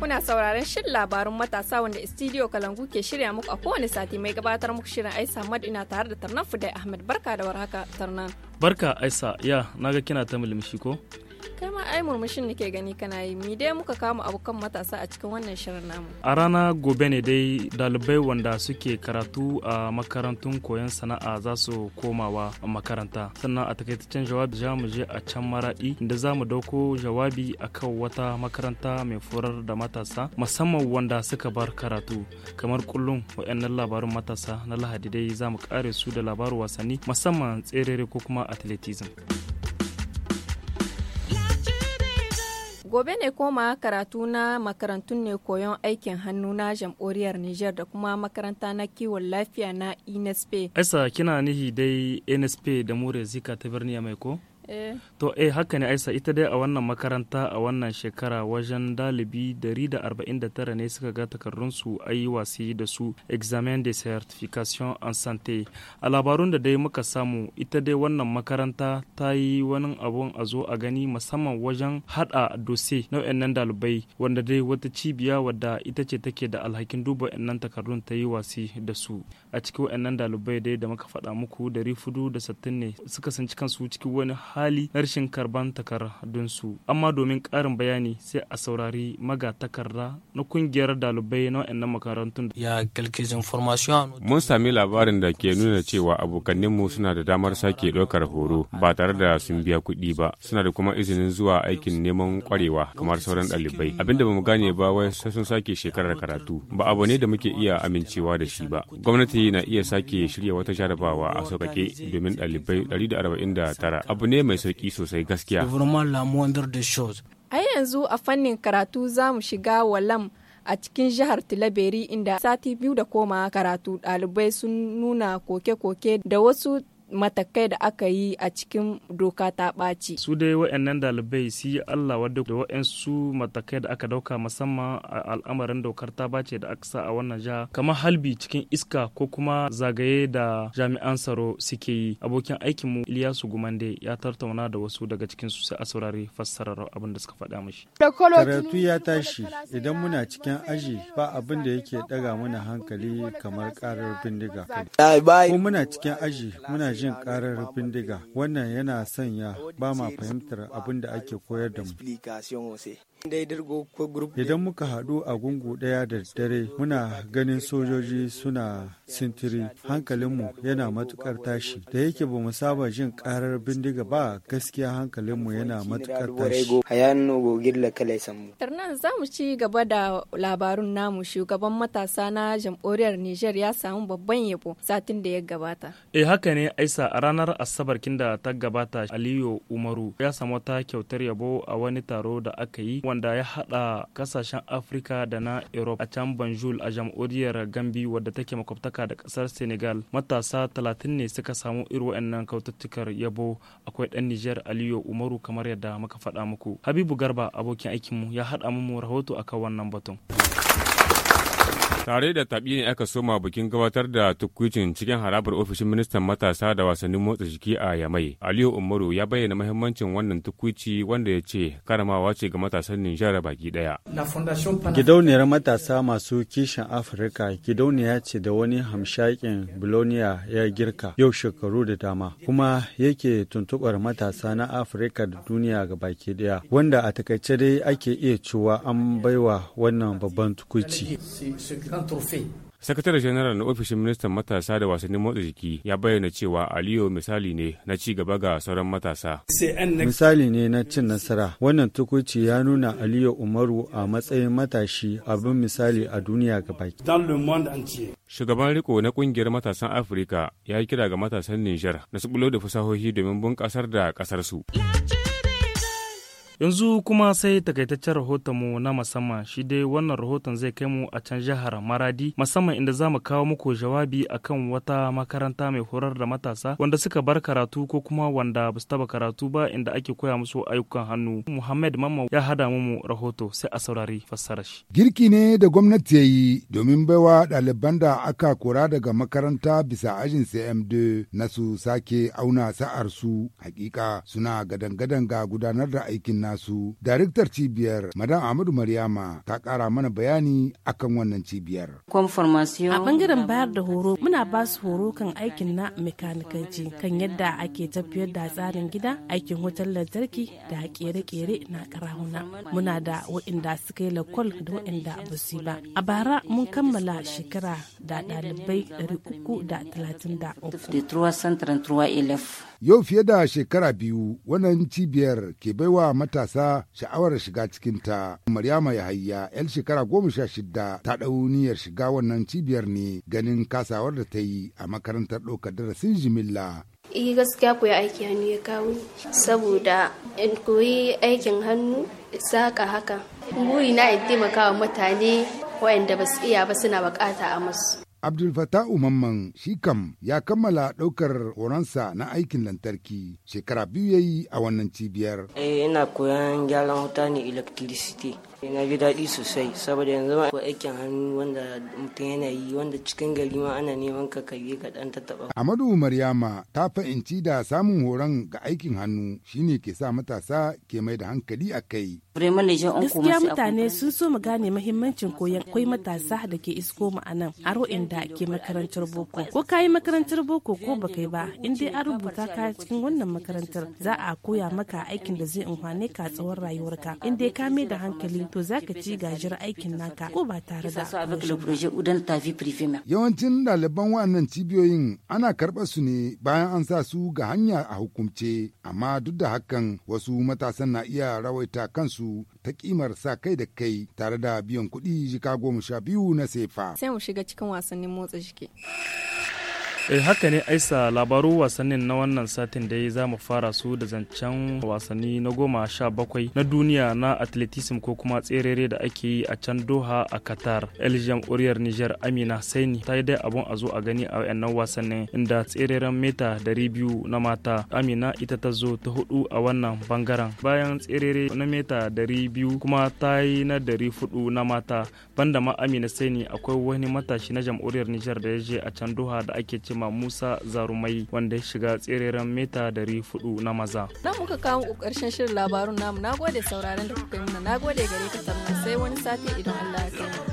kuna sauraron shirin labarun matasa wanda studio kalangu ke shirya muku a kowane sati mai gabatar muku shirin aisa madina ina tare da tarnan fudai ahmed barka da warhaka tarnan barka aisa ya naga kina ta mulmishi ko ai murmushin nake gani kana yi mi dai muka kama abokan matasa a cikin wannan shirin namu a rana gobe ne dai dalibai wanda suke karatu a makarantun koyon sana'a za su komawa makaranta sannan a takaitaccen jawabi za mu je a can maradi da za mu dauko jawabi akan wata makaranta mai furar da matasa musamman wanda suka bar karatu kamar kullum waɗannan labarin matasa na lahadi dai za mu kare su da labarin wasanni musamman tserere ko kuma athleticism. Gobe ne koma karatu na makarantun ne koyon aikin hannu na jamhuriyar Nijar da kuma makaranta na kiwon lafiya na nsp. Aisa kina nihi dai nsp da More Zika ta birniya mai ko? Eh. To eh haka ne Aisa ita dai a wannan makaranta a wannan shekara wajen dalibi 149 ne suka ga su a yi wasi da su examen de certification en santé. A labarun da dai muka samu ita dai wannan makaranta ta yi wani abun a zo a gani musamman wajen hada dose na wayannan dalibai wanda dai wata cibiya wadda ita ce take da alhakin duba wayannan takardun ta yi wasi da su. A cikin wayannan dalibai dai da muka faɗa muku 460 ne suka sanci kansu cikin wani hali rashin karban takardunsu amma domin ƙarin bayani sai a saurari maga takarda na kungiyar dalibai na wa'annan makarantun mun sami labarin da ke nuna cewa mu suna da damar sake ɗaukar horo ba tare da sun biya kuɗi ba suna da kuma izinin zuwa aikin neman kwarewa kamar sauran ɗalibai abinda bamu gane ba wai sai sun sake shekarar karatu ba abu ne da muke iya amincewa da shi ba gwamnati na iya sake shirya wata jarabawa a sauƙaƙe domin ɗalibai 149 abu ne ne mai sauki sosai gaskiya a yanzu a fannin karatu za mu shiga walam a cikin jihar tilaberi inda sati biyu da koma karatu ɗalibai sun nuna koke-koke da wasu matakai da aka yi a cikin doka ta ɓaci. Su dai wa'annan dalibai su yi Allah wadda da wa'ansu matakai da aka dauka musamman a al'amarin dokar ta ɓace da aka sa a wannan ja kamar halbi cikin iska ko kuma zagaye da jami'an tsaro suke yi. Abokin aikin mu Iliyasu Gumande ya tattauna da wasu daga cikin su sai a saurari fassarar abin da suka faɗa mashi. Karatu ya tashi idan muna cikin aji ba abin da yake ɗaga mana hankali kamar ƙarar bindiga. Ko muna cikin aji muna jin karar bindiga wannan yana sanya ba ma fahimtar abin da ake koyar da mu Idan muka haɗu a gungu ɗaya da dare muna ganin sojoji suna sintiri hankalinmu yana matukar tashi da yake ba mu saba jin karar bindiga ba gaskiya hankalinmu yana matukar tashi. Tarnan za mu ci gaba da labarun namu shugaban matasa na jamhuriyar Nijar ya samu babban yabo satin da ya gabata. Eh haka ne Aisa a ranar Asabar kinda ta gabata Aliyu Umaru ya samu ta kyautar yabo a wani taro da aka yi wanda ya hada kasashen afirka da na europe a can banjul a jamhuriyar gambi wadda take makwabtaka da kasar senegal matasa 30 ne suka samu irin wa'annan kautattukar yabo akwai dan niger aliyu umaru kamar yadda muka faɗa muku habibu garba abokin aikinmu ya hada mu rahoto akan wannan batun Tare da tabi ne aka soma bikin gabatar da tukwicin cikin harabar ofishin ministan matasa da wasannin motsa jiki a Yamai. Aliyu Umaru ya bayyana mahimmancin wannan tukwici wanda ya ce karamawa ce ga matasan Nijar baki daya. Gidauniyar matasa masu kishin Afirka gidauniya ce da wani hamshakin Bologna ya girka yau shekaru da dama kuma yake tuntubar matasa na Afirka da duniya ga baki ɗaya wanda a takaice dai ake iya cewa an baiwa wannan babban tukwici. nan turfe sakatare na ofishin ministan matasa da wasannin motsa jiki ya bayyana cewa Aliyu misali ne na ci gaba ga sauran matasa misali ne na cin nasara wannan tukuci ya nuna Aliyu umaru a matsayin matashi abin misali a duniya baki. shugaban riko na kungiyar matasan afirka ya yi kira ga matasan nijar na su bulo da fasahohi domin bunƙasar da ƙasarsu. su yanzu kuma sai takaitaccen mu na musamman shi dai wannan rahoton zai kai mu a can jihar maradi musamman inda za mu kawo muku jawabi akan wata makaranta mai horar da matasa wanda suka bar karatu ko kuma wanda ba taba karatu ba inda ake koya musu ayyukan hannu muhammad mamma ya hada mu rahoto sai a saurari fassarar shi girki ne da gwamnati ya yi domin baiwa ɗaliban da aka kora daga makaranta bisa ajin cm2 na su sake auna sa'ar su hakika suna gadan-gadan ga gudanar da aikin na nasu daraktar cibiyar madam ahmadu maryama ta kara mana bayani akan wannan cibiyar a bangaren bayar da horo muna ba su horo kan aikin na mekanikanci kan yadda ake tafiyar da tsarin gida aikin wutar lantarki da kere-kere na karahuna muna da wa'inda suka yi lakol da wa'inda ba su ba a bara mun kammala shekara da dalibai 333 yau fiye da shekara biyu wannan cibiyar ke baiwa mata matasa sha'awar shiga cikin ta Maryama yahayya 'yan shekara goma sha shida, ta ɗau niyyar shiga wannan cibiyar ne ganin kasawar da ta yi a makarantar ɗaukar darasin jimilla e gaskiya yi aiki hannu ya kawo saboda in koyi aikin hannu saka haka buri na in taimakawa mutane waɗanda ba su iya ba suna bukata a masu Abdul Fata'u Mamman shi kam ya kammala ɗaukar horonsa na aikin lantarki shekara biyu ya yi a wannan cibiyar. Eh, ina koyan gyaran wuta ne electricity. Eh, na ji daɗi sosai saboda yanzu ma akwai aikin hannu wanda mutum yana yi wanda cikin gari ma ana neman ka kai ka ta taɓa. Amadu Maryama ta fahimci da samun horon ga aikin hannu shine ke sa matasa ke mai da hankali a kai. Gaskiya mutane sun so mu gane mahimmancin koyon akwai matasa da ke isko mu a nan aro inda ke makarantar boko. Ko ka yi makarantar boko ko ba kai ba in dai an rubuta ka cikin wannan makarantar za a koya maka aikin da zai amfane ka tsawon rayuwarka in dai ka mai da hankali to za ka ci gajiyar aikin naka ko ba tare da yawancin ɗaliban wannan cibiyoyin ana karɓar su ne bayan an sa su ga hanya a hukumce amma duk da hakan wasu matasan na iya rawaita kansu ta kimar sa kai da kai tare da biyan kuɗi jika goma sha biyu na sefa sai mu shiga cikin wasannin motsa jiki eh haka ne aisa labaru wasannin na wannan satin da za mu fara su da zancen wasanni na goma sha bakwai na duniya na atletism ko kuma tserere da ake yi a can doha a qatar eljam uriyar niger amina saini ta yi dai abun a zo a gani a wayannan wasannin inda tsereren mita dari biyu na mata amina ita ta zo ta hudu a wannan bangaren bayan tserere na mita dari biyu kuma ta yi na dari hudu na mata banda ma amina saini akwai wani matashi na jam'uriyar niger da ya je a can doha da ake ce fatima musa zarumai wanda ya shiga tsereren mita dari fudu na maza na muka kawo ƙarshen karshen shirin labarun namu na gode sauraron da kuka yi mana gode gare ka sai wani sati idan allah ya kai